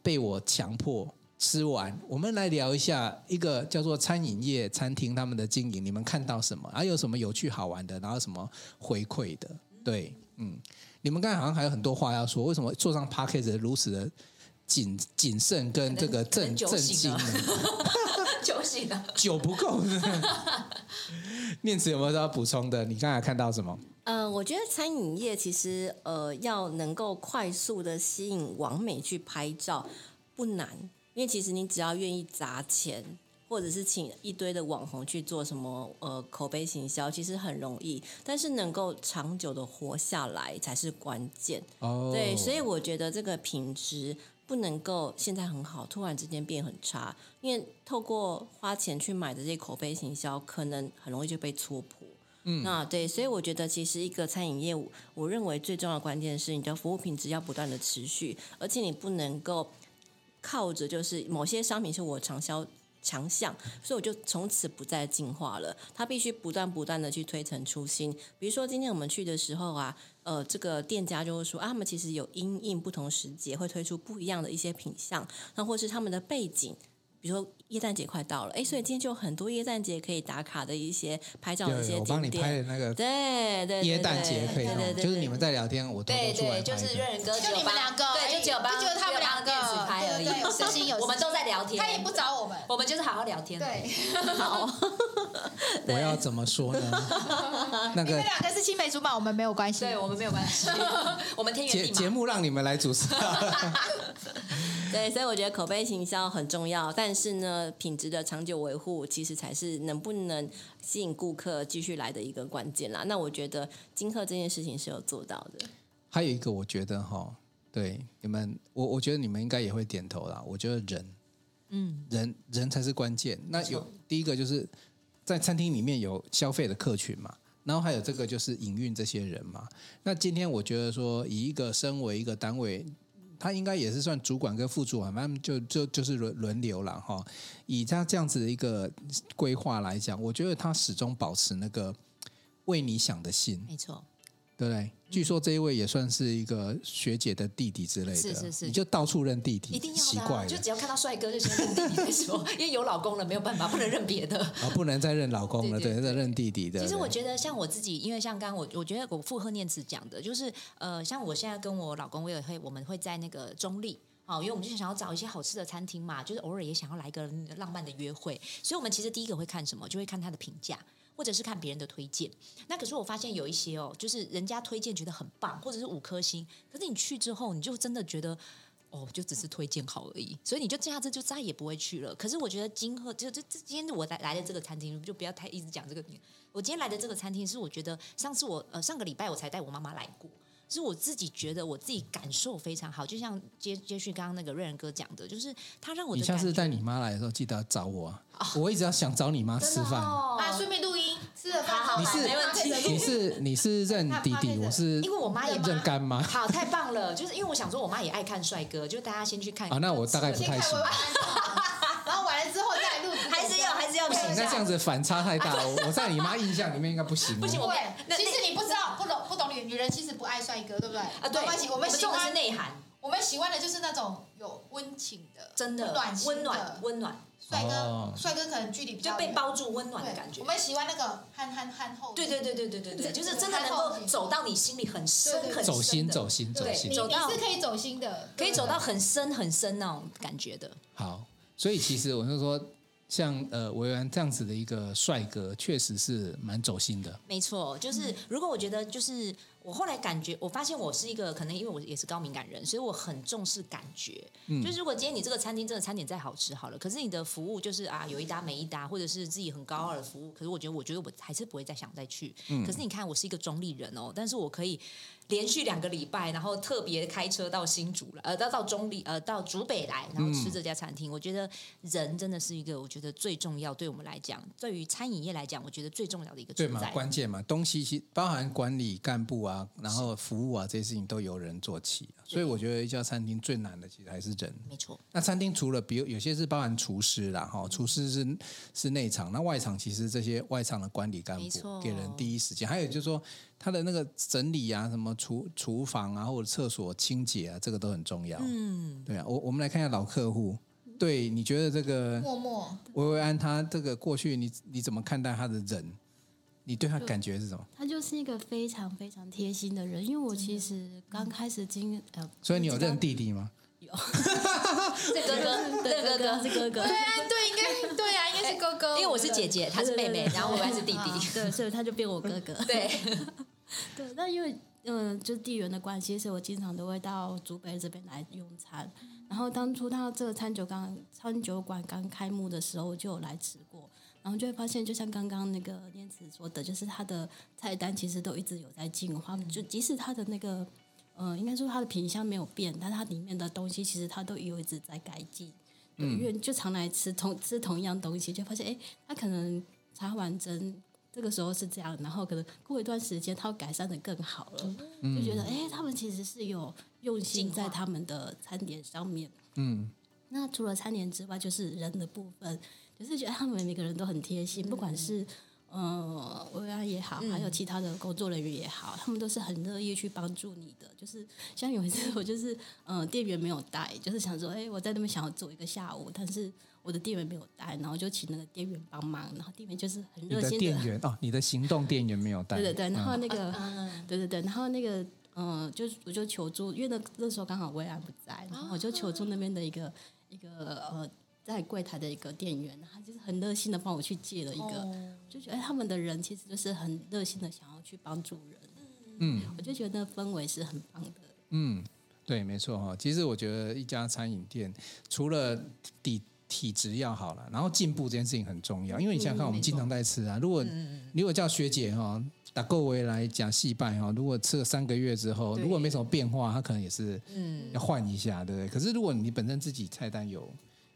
被我強迫。吃完，我們來聊一下一個叫做餐飲業、餐廳他們的經營。你們看到什麼？還有什麼有趣好玩的？然後什麼回饋的？對，嗯，你們剛才好像還有很多話要說。為什麼坐上 park 如此的謹謹慎？跟這個正正經？酒醒的 酒不夠呢。念慈有沒有要補充的？你剛才看到什麼？嗯，我覺得餐飲業其實呃，要能夠快速的吸引網美去拍照，不難。因為其實你只要願意砸錢，或者是請一堆的網紅去做什麼呃口碑行銷，其實很容易。但是能夠長久的活下來才是關鍵。Oh. 對，所以我覺得這個品質不能夠現在很好，突然之間變很差。因為透過花錢去買的這些口碑行銷，可能很容易就被戳破。嗯。mm. 那對，所以我覺得其實一個餐飲業務，我認為最重要的關鍵是你的服務品質要不斷的持續，而且你不能夠。靠着就是某些商品是我長銷強項，所以我就從此不再進化了。它必須不斷不斷的去推陳出新。比如說今天我們去的時候啊，呃，這個店家就會說啊，他們其實有因應不同時節會推出不一樣的一些品項，那、啊、或是他們的背景。比如說耶誕節快到了，哎、欸，所以今天就有很多耶誕節可以打卡的一些拍照的一些景點。我幫你拍的那個耶，對對，耶誕節可以。就是你們在聊天，我都不出來拍。就是瑞仁哥就你們兩個、欸、個，對，就只有只他們兩個自拍而已。對對對，有私心，有私心。我們都在聊天，他也不找我們，我們就是好好聊天。對，好對。我要怎麼說呢？ 那個你們兩個是青梅竹馬，我們沒有關係，對，我們沒有關係， 我們天節目讓你們來主持。 對，所以我覺得口碑行銷很重要，但是呢，品質的長久維護其實才是能不能吸引顧客繼續來的一個關鍵啦。那我覺得今鶴這件事情是有做到的。還有一個，我覺得哈，對你們，我我覺得你們應該也會點頭啦。我覺得人，嗯，人人才是關鍵。那有、嗯、第一個就是在餐廳裡面有消費的客群嘛，然後還有這個就是營運這些人嘛。那今天我覺得說，以一個身為一個單位。他應該也是算主管跟副主管，反正就就就是輪輪流了哈。以他這樣子的一個規劃來講，我覺得他始終保持那個為你想的心，沒錯，對不對？據說這一位也算是一個學姐的弟弟之類的，是是是，你就到處認弟弟，一定要，啊、奇怪。就只要看到帥哥就先認弟弟再說，為 什，因為有老公了沒有辦法，不能認別的，哦，不能再認老公了，對，對，對，對，只能認弟弟的。其實我覺得像我自己，因為像剛剛我，我覺得我附和念慈講的，就是呃，像我現在跟我老公，我也會，我們會在那個中立，好，哦，因為我們就想要找一些好吃的餐廳嘛，就是偶爾也想要來一個浪漫的約會，所以我們其實第一個會看什麼，就會看他的評價。或者是看別人的推薦，那可是我發現有一些哦，就是人家推薦覺得很棒，或者是五顆星，可是你去之後，你就真的覺得哦，就只是推薦好而已，所以你就這下次就再也不會去了。可是我覺得今鶴就就，就今天我來來的這個餐廳，就不要太一直講這個名字。我今天來的這個餐廳是我覺得上次我呃上個禮拜我才帶我媽媽來過。是，我自己覺得我自己感受非常好，就像接接續剛剛那個瑞仁哥講的，就是他讓我覺。你下次帶你媽來的時候，記得要找我啊！Oh, 我一直要想找你媽吃飯、哦。啊，順便錄音，吃了飯好，好沒問題。你是你是,你是認弟弟，我是媽因為我媽也媽認乾媽。好，太棒了！就是因為我想說，我媽也愛看帥哥，就大家先去看、啊。好那我大概不太行。 然後完了之後再錄，還是要還是要？那這樣子反差太大了、啊，我在你媽印象裡面應該不行。不行，我。會。其女人其實不愛帥哥，對不對？啊對，對，我們喜歡內涵，我們喜歡的就是那種有溫情的，真的，暖的溫暖，溫暖，帥哥，oh. 帥哥可能距離比較就被包住溫暖的感覺。我們喜歡那個憨憨憨厚，對對對對對對對，對對對，就是真的能夠走到你心裡很深，很走心很，走心，走心，走到是可以走心的，可以走到很深很深那種感覺的。好，所以其實我就說，像呃維安這樣子的一個帥哥，確實是蠻走心的。沒錯，就是，嗯，如果我覺得就是。我後來感覺，我發現我是一個可能，因為我也是高敏感人，所以我很重視感覺、嗯。就是如果今天你這個餐廳真的餐點再好吃好了，可是你的服務就是啊有一搭沒一搭，或者是自己很高傲的服務、嗯，可是我覺得，我覺得我還是不會再想再去。嗯、可是你看，我是一個中壢人哦，但是我可以連續兩個禮拜，然後特別開車到新竹來，呃，到到中壢，呃，到竹北來，然後吃這家餐廳。嗯、我覺得人真的是一個我覺得最重要，對我們來講，對於餐飲業來講，我覺得最重要的一個存在。對嘛，關鍵嘛，東西是，包含管理幹部啊。然後服務啊這些事情都由人做起，所以我覺得一家餐廳最難的其實還是人。沒錯。那餐廳除了比如有些是包含廚師啦，哈、嗯，廚師是是內場，那外場其實這些外場的管理幹部給人第一時間，還有就是說他的那個整理啊，什麼廚廚房啊或者廁所清潔啊，這個都很重要。嗯，對啊。我我們來看一下老客戶，對你覺得這個默默薇薇安她這個過去你你怎麼看待她的人？你對他感覺是什麼？他就是一個非常非常貼心的人，因為我其實剛開始經呃，所以你有認弟弟嗎？有，這 哥哥，這 哥哥是哥哥，是哥哥，對啊，對，應該對啊，應該是哥哥，因為我是姐姐，他是妹妹，對對對對，然後我還是弟弟、啊，對，所以他就變我哥哥，對， 對，那因為嗯、呃，就地緣的關係，所以我經常都會到竹北這邊來用餐，然後當初他這個餐酒剛餐酒館剛，剛開幕的時候，我就有來吃過。然後就會發現，就像剛剛那個念慈說的，就是他的菜單其實都一直有在進化。就即使他的那個，呃，應該說他的品項沒有變，但是他裡面的東西其實他都有一直在改進，嗯。因為就常來吃同吃同一樣東西，就發現哎，欸，他可能擦完真這個時候是這樣，然後可能過一段時間他會改善得更好了，嗯，就覺得哎，欸，他們其實是有用心在他們的餐點上面。嗯，那除了餐點之外，就是人的部分。就是覺得他們每個人都很貼心、嗯，不管是嗯薇安也好，還有其他的工作人員也好，嗯、他們都是很樂意去幫助你的。就是像有一次，我就是嗯、呃、電源沒有帶，就是想說，哎、欸、我在那邊想要做一個下午，但是我的電源沒有帶，然後就請那個店員幫忙，然後店員就是很熱心的店員哦，你的行動電源沒有帶，對對對，然後那個、嗯、對對對，然後那個嗯、呃，就是我就求助，因為那那時候剛好薇安不在，然後我就求助那邊的一個、啊、一個呃。在櫃檯的一個店員，他就是很熱心的幫我去借了一個，哦、就覺得他們的人其實就是很熱心的想要去幫助人，嗯，我就覺得那氛圍是很棒的。嗯，對，沒錯哈。其實我覺得一家餐飲店除了體體質要好了，然後進步這件事情很重要，因為你想想看，我們經常在吃啊。如果、嗯、如果叫學姐哈，打勾維來講細掰哈，如果吃了三個月之後，如果沒什麼變化，他可能也是嗯要換一下，嗯、對不對？可是如果你本身自己菜單有。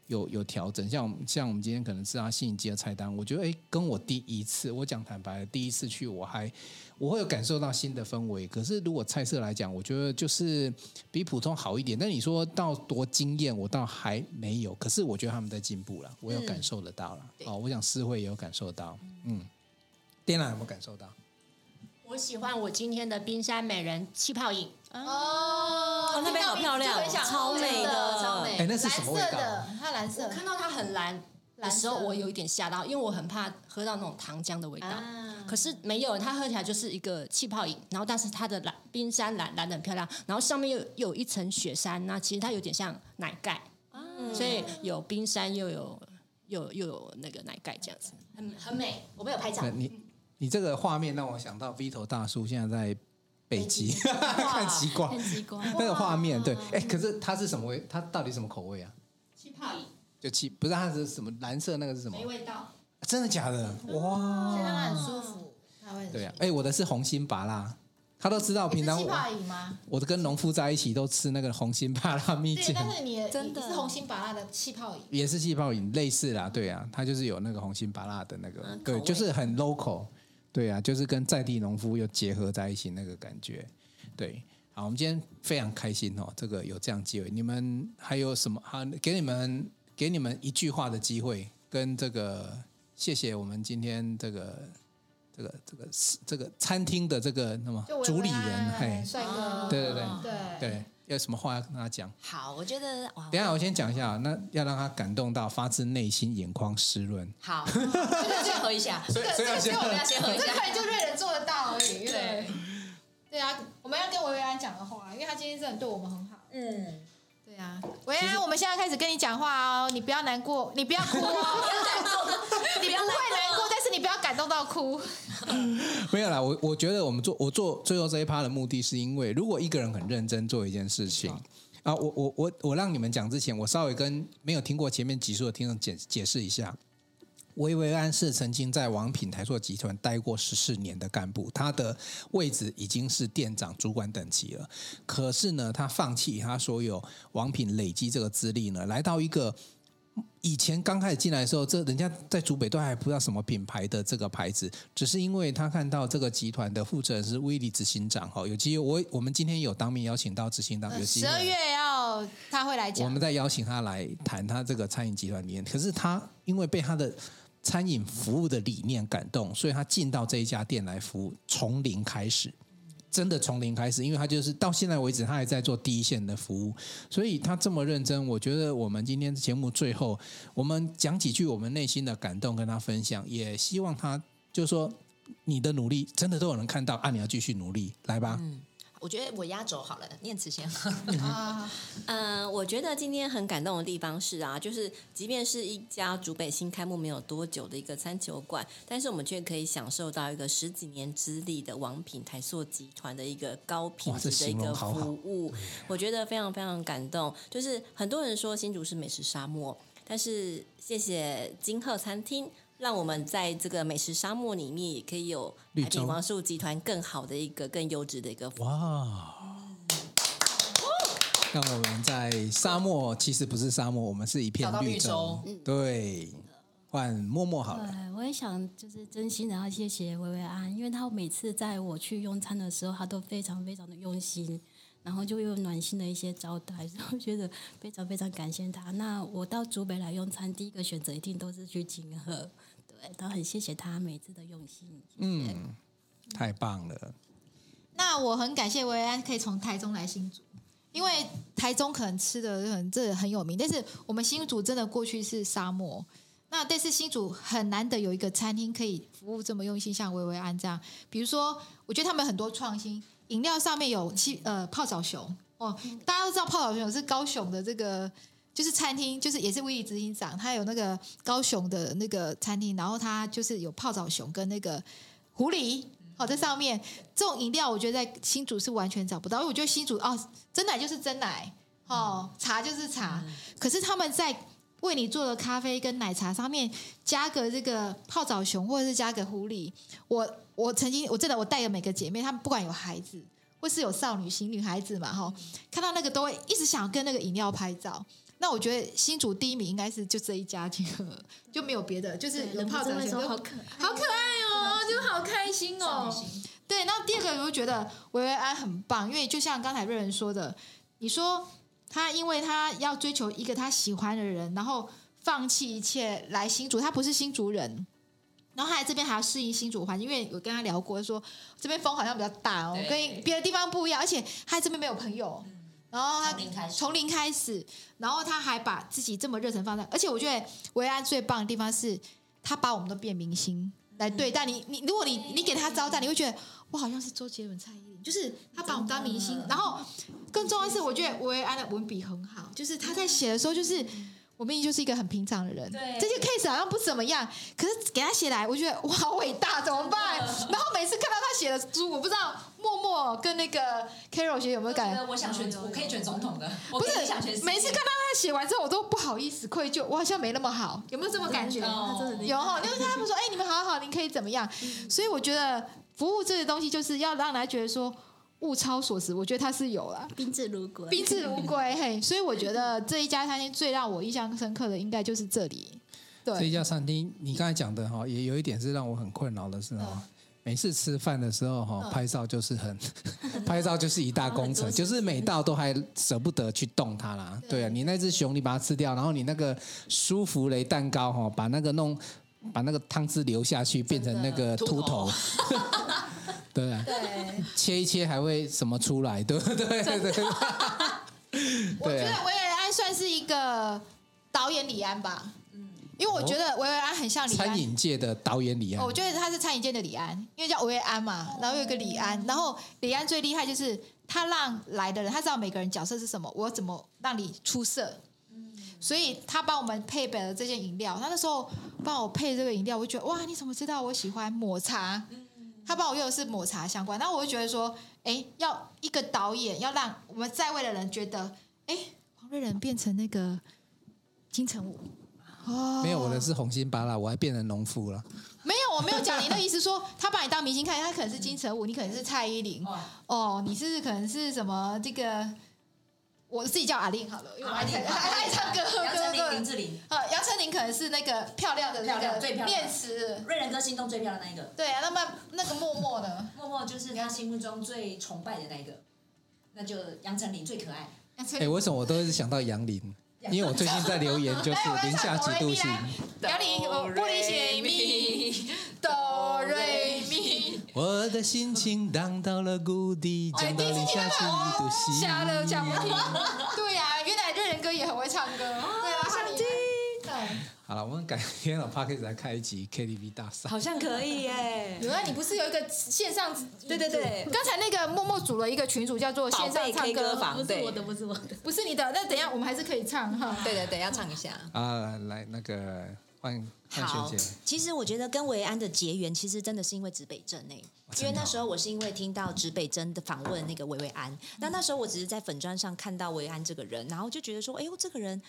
有有調整，像像我們今天可能是他新一季的菜單，我覺得哎、欸，跟我第一次我講坦白，第一次去我還我會有感受到新的氛圍。可是如果菜色來講，我覺得就是比普通好一點。但你說到多驚艷，我倒還沒有。可是我覺得他們在進步了，我有感受得到了、嗯哦。我想詩慧也有感受到。嗯，電腦有沒有感受到？我喜歡我今天的冰山美人氣泡飲。哦。哦，那邊好漂亮超，超美的，超美。哎，那是什麼味道、啊？它藍色，看到它很藍的時候藍的，我有一點嚇到，因為我很怕喝到那種糖漿的味道、啊。可是沒有，它喝起來就是一個氣泡飲，然後但是它的藍冰山藍藍的很漂亮，然後上面又有一層雪山、啊，那其實它有點像奶蓋、啊、所以有冰山又有又有又有那個奶蓋這樣子，很、嗯、很美。我沒有拍照，你你這個畫面讓我想到 Vito 大叔現在在北極，很奇怪，很奇怪，那個畫面，對，哎、欸，可是它是什麼味？它到底什麼口味啊？氣泡飲，就氣，不是它是什麼？藍色那個是什麼？沒味道、啊。真的假的？哇！現在它很舒服，它會很對啊。哎、啊欸，我的是紅心芭樂，他都知道，平常氣泡飲嗎？我都跟農夫在一起都吃那個紅心芭樂蜜餞。但是你真的是紅心芭樂的氣泡飲也是氣泡飲，類似啦，對啊，它就是有那個紅心芭樂的那個，嗯、對，就是很 local。對啊，就是跟在地農夫又結合在一起那個感覺，對。好，我們今天非常開心哦，這個有這樣機會，你們還有什麼？好、啊，給你們給你們一句話的機會，跟這個謝謝我們今天這個這個這個、這個、這個餐廳的這個那麼主理人，嘿，帥哥，對。有什麼話要跟他講？好，我覺得等一下我先講一下，那要讓他感動到發自內心，眼眶濕潤。好，好好 就合一下，所以所以、這個、我們要先合一下，這個、就瑞仁做得到而已， 對對，對啊，我們要跟薇薇安講的話，因為他今天真的對我們很好，嗯。喂、啊，我們現在開始跟你講話哦，你不要難過，你不要哭哦， 你不會難過，但是你不要感動到哭。嗯、沒有啦，我我覺得我們做我做最後這一趴的目的是因為，如果一個人很認真做一件事情啊，我我我我讓你們講之前，我稍微跟沒有聽過前面集數的聽眾解解釋一下。薇薇安是曾經在王品台塑集團待過十四年的幹部，他的位置已經是店長主管等級了。可是呢，他放棄他所有王品累積這個資歷呢，來到一個以前剛開始進來的時候，這人家在竹北都還不知道什麼品牌的這個牌子，只是因為他看到這個集團的負責人是威力執行長哈，有機會我我們今天有當面邀請到執行長，十二月要他會來講，我們再邀請他來談他這個餐飲集團裡面，可是他因為被他的。餐飲服務的理念感動，所以他進到這一家店來服務，從零開始，真的從零開始，因為他就是到現在為止，他還在做第一線的服務，所以他這麼認真，我覺得我們今天節目最後，我們講幾句我們內心的感動，跟他分享，也希望他就是說，你的努力真的都有人看到，啊，你要繼續努力，來吧。嗯我覺得我壓軸好了，念詞先。嗯， uh, 我覺得今天很感動的地方是啊，就是即便是一家竹北新開幕沒有多久的一個餐酒館，但是我們卻可以享受到一個十幾年之力的王品台塑集團的一個高品質的一個服務好好，我覺得非常非常感動。就是很多人說新竹是美食沙漠，但是謝謝今鶴餐廳。讓我們在這個美食沙漠裡面也可以有黃樹綠洲，王氏集團更好的一個、更優質的一個服務。哇！讓、嗯、我們在沙漠，其實不是沙漠，我們是一片綠洲。綠洲對、嗯，換默默好了。我也想，就是真心的要謝謝薇薇安，因為他每次在我去用餐的時候，他都非常非常的用心，然後就有暖心的一些招待，就覺得非常非常感謝他。那我到竹北來用餐，第一個選擇一定都是去今鶴。都很謝謝他每次的用心，嗯，太棒了。那我很感謝薇薇安可以從台中來新竹，因為台中可能吃的很這很有名，但是我們新竹真的過去是沙漠，那但是新竹很難得有一個餐廳可以服務這麼用心，像薇薇安這樣。比如說，我覺得他們很多創新，飲料上面有氣呃泡澡熊哦，大家都知道泡澡熊是高雄的這個。就是餐廳，就是也是維尼執行長，他有那個高雄的那個餐廳，然後他就是有泡澡熊跟那個狐狸，好在上面這種飲料，我覺得在新竹是完全找不到，因為我覺得新竹哦，真奶就是真奶哦，茶就是茶、嗯，可是他們在為你做的咖啡跟奶茶上面加個這個泡澡熊，或者是加個狐狸，我我曾經我真的我帶個每個姐妹，她們不管有孩子或是有少女心女孩子嘛，哈、哦嗯，看到那個都會一直想跟那個飲料拍照。那我覺得新竹第一名應該是就這一家，就就沒有別的，就是冷泡茶的時候，好可愛，好可愛哦，就好開心哦。對，然後第二個我就覺得薇薇安很棒，因為就像剛才瑞仁說的，你說他因為他要追求一個他喜歡的人，然後放棄一切來新竹，他不是新竹人，然後他來這邊還要適應新竹環境，因為我跟他聊過說，說這邊風好像比較大哦，跟別的地方不一樣，而且他這邊沒有朋友。然後他從零，從零開始，然後他還把自己這麼熱忱放在，而且我覺得維安最棒的地方是，他把我們都變明星來對待、嗯、你。但你，你，如果你你給他招待，嗯、你會覺得我好像是周杰倫、蔡依林，就是他把我們當明星。嗯、然後更重要的是，我覺得維安的文筆很好，就是他在寫的時候就是。嗯嗯我明明就是一個很平常的人對，這些 case 好像不怎麼樣，可是，給他寫來，我覺得哇，好偉大，怎麼辦？然後每次看到他寫的書，我不知道默默跟那個 Carol 寫有沒有感覺？我想選、啊哦，我可以選總統的，不是，每次看到他寫完之後，我都不好意思，愧疚，我好像沒那麼好，有沒有這麼感覺？有哈，因、哦、為、哦、 他，他們說，哎、欸，你們好好，你可以怎麼樣嗯嗯嗯？所以我覺得服務這些東西就是要讓他覺得說。物超所值，我覺得它是有啦，賓至如歸，賓至如歸。 嘿，所以我覺得這一家餐廳最讓我印象深刻的，應該就是這裡。對，這一家餐廳、嗯，你剛才講的哈，也有一點是讓我很困擾的是哈、嗯，每次吃飯的時候哈，拍照就是很、嗯、拍照就是一大工程、啊，就是每道都還捨不得去動它啦。對啊，你那隻熊，你把它吃掉，然後你那個舒芙蕾蛋糕哈，把那個弄，把那個湯汁流下去，嗯、變成那個禿頭。 對，啊、對，切一切還會什麼出來？對不對？ 對啊、我覺得維維安算是一個導演李安吧，嗯，因為我覺得維維安很像李安、哦、餐飲界的導演李安、哦。我覺得他是餐飲界的李安，因為叫維維安嘛對。然後有一個李安，然後李安最厲害就是他讓來的人，他知道每個人角色是什麼，我怎麼讓你出色？嗯、所以他幫我們配備了這些飲料。他那時候幫我配這個飲料，我就覺得哇，你怎麼知道我喜歡抹茶？嗯他把我用的是抹茶相關，但我就覺得說，哎，要一個導演要讓我們在位的人覺得，哎，黃瑞仁變成那個金城武哦，沒有我的是紅心芭樂，我還變成農夫了。沒有，我沒有講你的、那個、意思說，說他把你當明星看，他可能是金城武，你可能是蔡依林，哦，哦你是可能是什麼這個。我自己叫阿玲好了，因為我還還愛唱歌。楊丞琳、林志玲，呃，楊丞琳可能是那個漂亮的、漂亮的、最漂亮的面慈，瑞仁哥心中最漂亮的那一個。對啊，那麼那個默默呢？默默就是他心目中最崇拜的那一個。那就楊丞琳最可愛。楊丞琳。哎、欸，為什麼我都是想到楊玲？因為我最近在留言就是零下幾度心。楊玲，我不理解。林啊林的心情蕩到了谷底，降到零下幾度，心、哎、涼了。不對呀、啊，原來瑞仁哥也很會唱歌。哦、對啊，相機。好了，我們改天 Podcast 可以來開一集 KTV 大賽，好像可以耶。原來、啊、你不是有一個線上？對對對、對，剛才那個默默組了一個群組，叫做線上唱歌、歌房。不是我的，不是我的，不是你的。那等一下，我們還是可以唱哈。對對、對，等一下唱一下。啊，來、來那個。歡迎歡迎，好，其實我覺得跟維安的結緣，其實真的是因為指北針、欸、因為那時候我是因為聽到指北針的訪問那個維維安，那、嗯、那時候我只是在粉專上看到維安這個人，然後就覺得說，哎呦，這個人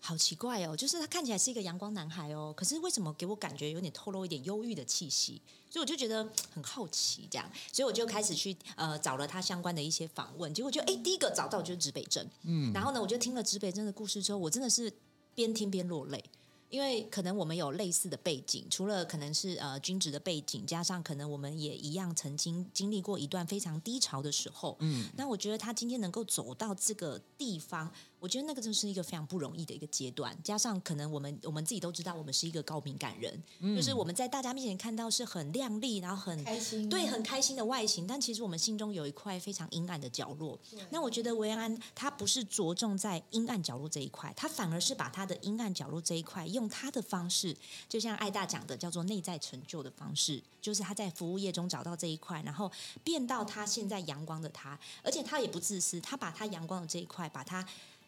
好奇怪哦，就是他看起來是一個陽光男孩哦，可是為什麼給我感覺有點透露一點憂鬱的氣息？所以我就覺得很好奇，這樣，所以我就開始去呃找了他相關的一些訪問，結果就哎第一個找到就是指北針，嗯，然後呢，我就聽了指北針的故事之後，我真的是邊聽邊落淚。因為可能我們有類似的背景，除了可能是呃軍職的背景，加上可能我們也一樣曾經經歷過一段非常低潮的時候，嗯，那我覺得他今天能夠走到這個地方。我覺得那個真是一個非常不容易的一個階段，加上可能我們我們自己都知道，我們是一個高敏感人。嗯，就是我們在大家面前看到是很亮麗，然後很開心，對，很開心的外形，但其實我們心中有一塊非常陰暗的角落。那我覺得維安他不是着重在陰暗角落這一塊，他反而是把他的陰暗角落這一塊，用他的方式，就像艾大講的叫做內在成就的方式，就是他在服務業中找到這一塊，然後變到他現在陽光的他，而且他也不自私，他把他陽光的這一塊把他。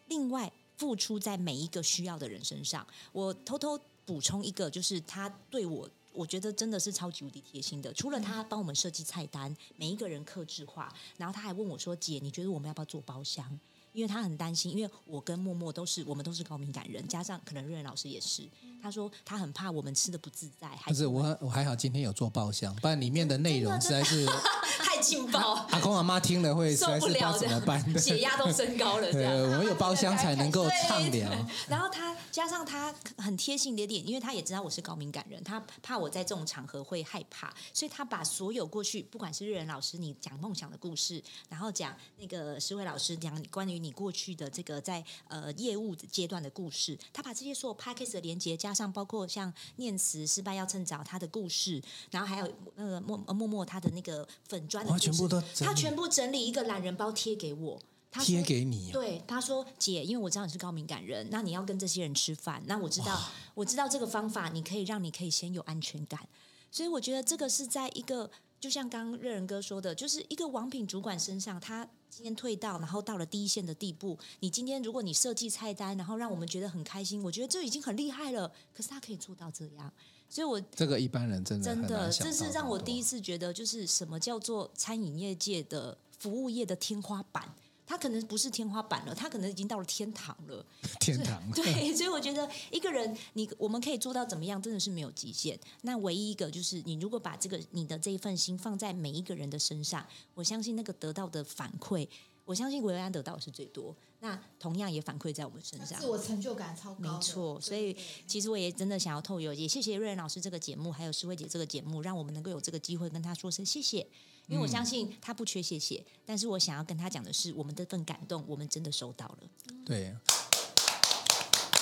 另外，付出在每一個需要的人身上。我偷偷補充一個，就是他對我，我覺得真的是超級無敵貼心的。除了他幫我們設計菜單，每一個人客製化，然後他還問我說：“姐，你覺得我們要不要做包廂？”因為他很擔心，因為我跟默默都是，我們都是高敏感人，加上可能瑞仁老師也是，他說他很怕我們吃的不自在。不但是我，我還好，今天有做包廂，不然裡面的內容實在是真的真的 太勁爆，啊，阿公阿媽聽了會實在是受不了，怎麼辦？血壓都升高了。對， 呃，我們有包廂才能夠暢聊。 然後他加上他很貼心的點，因為他也知道我是高敏感人，他怕我在這種場合會害怕，所以他把所有過去不管是瑞仁老師你講夢想的故事，然後講那個詩慧老師講關於。你過去的這個在呃業務階段的故事，他把這些所有 podcast 的連結加上，包括像念詞失敗要趁早他的故事，然後還有那個、呃、默默默他的那個粉磚的全部都，他全部整理一個懶人包貼給我，他貼給你、啊。對，他說姐，因為我知道你是高敏感人，那你要跟這些人吃飯，那我知道我知道這個方法，你可以讓你可以先有安全感，所以我覺得這個是在一個。就像剛，剛瑞仁哥說的，就是一個王品主管身上，他今天退到，然後到了第一線的地步。你今天如果你設計菜單，然後讓我們覺得很開心，我覺得這已經很厲害了。可是他可以做到這樣，所以我，我這個一般人真的真的，這是讓我第一次覺得，就是什麼叫做餐飲業界的服務業的天花板。他可能不是天花板了，他可能已經到了天堂了。天堂對， 所以我覺得一個人，你我們可以做到怎麼樣，真的是沒有極限。那唯一一個就是，你如果把這個你的這一份心放在每一個人的身上，我相信那個得到的反饋，我相信維安得到的是最多。那同樣也反饋在我們身上，自我成就感超高。沒錯，所以其實我也真的想要透過，也謝謝瑞仁老師這個節目，還有詩慧姐這個節目，讓我們能夠有這個機會跟他說聲謝謝。因為我相信他不缺謝謝，但是我想要跟他講的是，我們這份感動，我們真的收到了。嗯、對，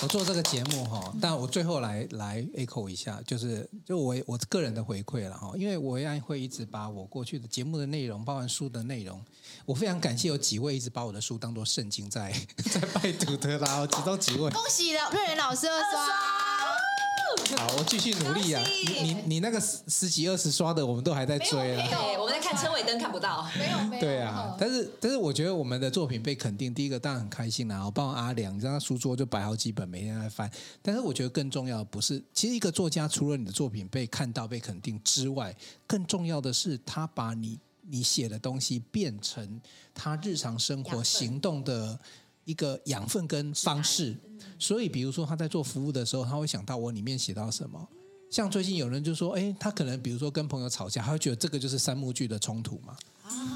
我做這個節目哈，但我最後來來 echo 一下，就是就我我個人的回饋了哈，因為我要會一直把我過去的節目的內容，包括書的內容，我非常感謝有幾位一直把我的書當做聖經在在拜讀的啦，我知道幾位？恭喜了，瑞仁老師二刷。二刷。好，我繼續努力啊！你你你那個十十幾二十刷的，我們都還在追啊！對，我們在看車尾燈看不到，沒有。對啊，但是但是，我覺得我們的作品被肯定，第一個當然很開心啦，啊，我幫我阿良，你知道他書桌就擺好幾本，每天在翻。但是我覺得更重要的不是，其實一個作家除了你的作品被看到被肯定之外，更重要的是他把你你寫的東西變成他日常生活行動的。一個養分跟方式，所以比如說他在做服務的時候，他會想到我裡面寫到什麼。像最近有人就說，誒，他可能比如說跟朋友吵架，他會覺得這個就是三幕劇的衝突嘛。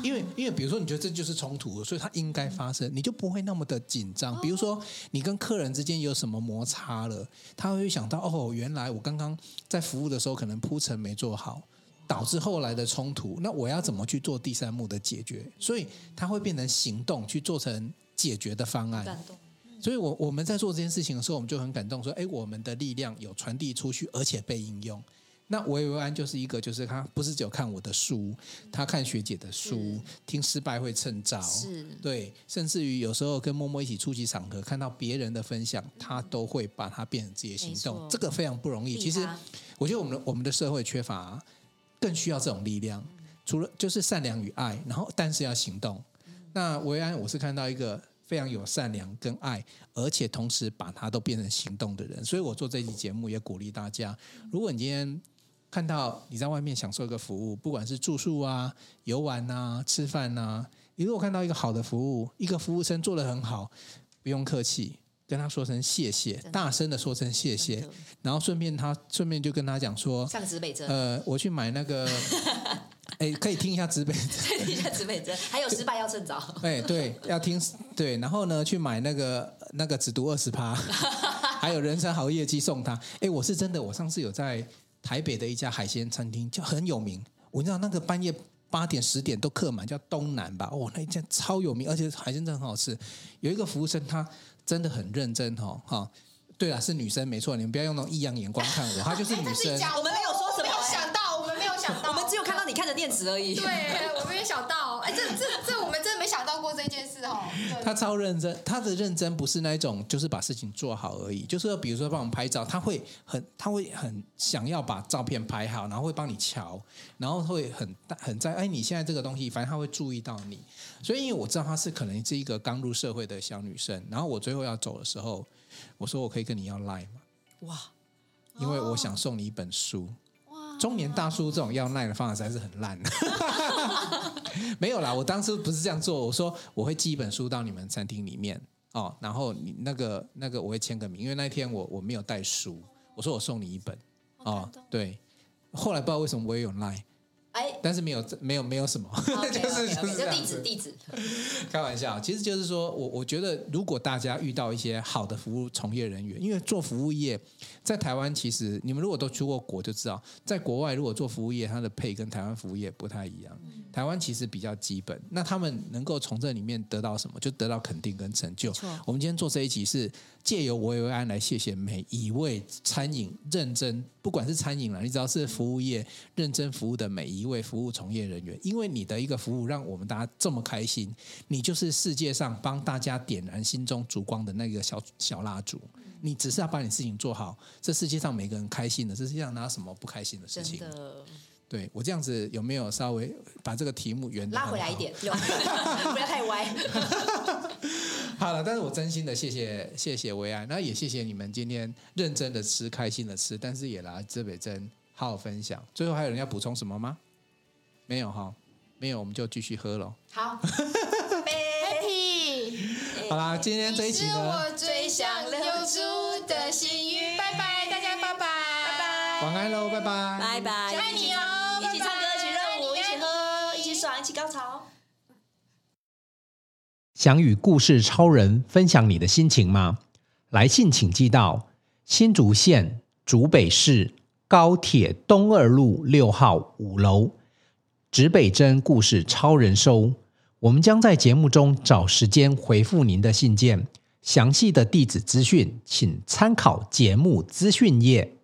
因為因為比如說你覺得這就是衝突，所以他應該發生，你就不會那麼的緊張。比如說你跟客人之間有什麼摩擦了，他會想到哦，原來我剛剛在服務的時候可能鋪陳沒做好，導致後來的衝突。那我要怎麼去做第三幕的解決？所以他會變成行動去做成。解決的方案，所以，我我們在做這件事情的時候，我們就很感動，說：“哎，我們的力量有傳遞出去，而且被應用。”那薇薇安就是一個，就是他不是只有看我的書，他看學姐的書，聽失敗會趁早，是對，甚至於有時候跟默默一起出席場合，看到別人的分享，他都會把它變成自己的行動。這個非常不容易。其實，我覺得我們我們的社會缺乏，更需要這種力量。除了就是善良與愛，然後但是要行動。那維安，我是看到一個。非常有善良跟愛，而且同時把他都變成行動的人。所以我做這期節目也鼓勵大家：如果你今天看到你在外面享受一個服務，不管是住宿啊、遊玩啊、吃飯啊，你如果看到一個好的服務，一個服務生做得很好，不用客氣，跟他說聲謝謝，大聲地說聲謝謝，然後順便他順便就跟他講說：上指北針，呃，我去買那個。 哎，可以聽一下《指北針》，可以聽一下《指北針》，還有失敗要趁早 誒。哎，對，要聽，對，然後呢，去買那個那個只讀二十趴， 還有人生好業績送他。哎，我是真的，我上次有在台北的一家海鮮餐廳，就很有名，我知道那個半夜八點十點都客滿，叫東南吧。哦，那一家超有名，而且海鮮真的很好吃。有一個服務生，他真的很認真哦，哈、哦，對了，是女生，沒錯，你們不要用那種異樣眼光看我，她 就是女生但是講。我們沒有說什麼、欸，沒有想到我們沒有想到。 看着電池而已。對，我沒有想到。哎、 欸，這這這，這我們真的沒想到過這件事哦。對對對，他超認真，他的認真不是那一種，就是把事情做好而已。就是比如說幫我們拍照，他會很，他會很想要把照片拍好，然後會幫你瞧，然後會很很在哎、欸，你現在這個東西，反正他會注意到你。所以，因為我知道她是可能是一個剛入社會的小女生，然後我最後要走的時候，我說我可以跟你要 live 哇，因為我想送你一本書。中年大叔這種要 Line 的方法實在是很爛 沒有啦，我當時不是這樣做，我說我會寄一本書到你們餐廳裡面哦，然後你那個那個我會簽個名，因為那天我我沒有帶書，我說我送你一本哦，哦等等，對，後來不知道為什麼我也有 Line。哎，但是沒有沒有沒有什麼，okay, 就是，就是這樣 okay, okay, 就地址地址，開玩笑，其實就是說，我我覺得如果大家遇到一些好的服務從業人員，因為做服務業在台灣，其實你們如果都出過國就知道，在國外如果做服務業，它的配跟台灣服務業不太一樣。台灣其實比較基本，那他們能夠從這裡面得到什麼，就得到肯定跟成就。我們今天做這一集是借由薇薇安來謝謝每一位餐飲認真，不管是餐飲了，你只要是服務業認真服務的每一。一位服務從業人員，因為你的一個服務讓我們大家這麼開心，你就是世界上幫大家點燃心中燭光的那個小小蠟燭、嗯。你只是要把你事情做好，這世界上每個人開心的，這世界上哪有什麼不開心的事情？真的，對，我這樣子有沒有稍微把這個題目圓拉回來一點？有， 不要太歪。 好了，但是我真心的謝謝謝謝薇安，那也謝謝你們今天認真的吃，嗯、開心的吃，但是也來這北真好好分享。最後還有人要補充什麼嗎？沒有哈，沒有，我們就繼續喝嘍。好 Baby 好啦，今天這一集是我最想留住的幸運，有豬的新遇，拜拜，大家拜拜，拜拜，晚安嘍，拜拜，拜拜，愛你哦，拜拜，一起唱歌，一起熱舞，一起喝，一起爽，一起高潮。想與故事超人分享你的心情嗎？來信請寄到新竹縣竹北市高鐵東二路六號五樓。指北針故事超人收，我們將在節目中找時間回復您的信件。詳細的地址資訊，請參考節目資訊頁。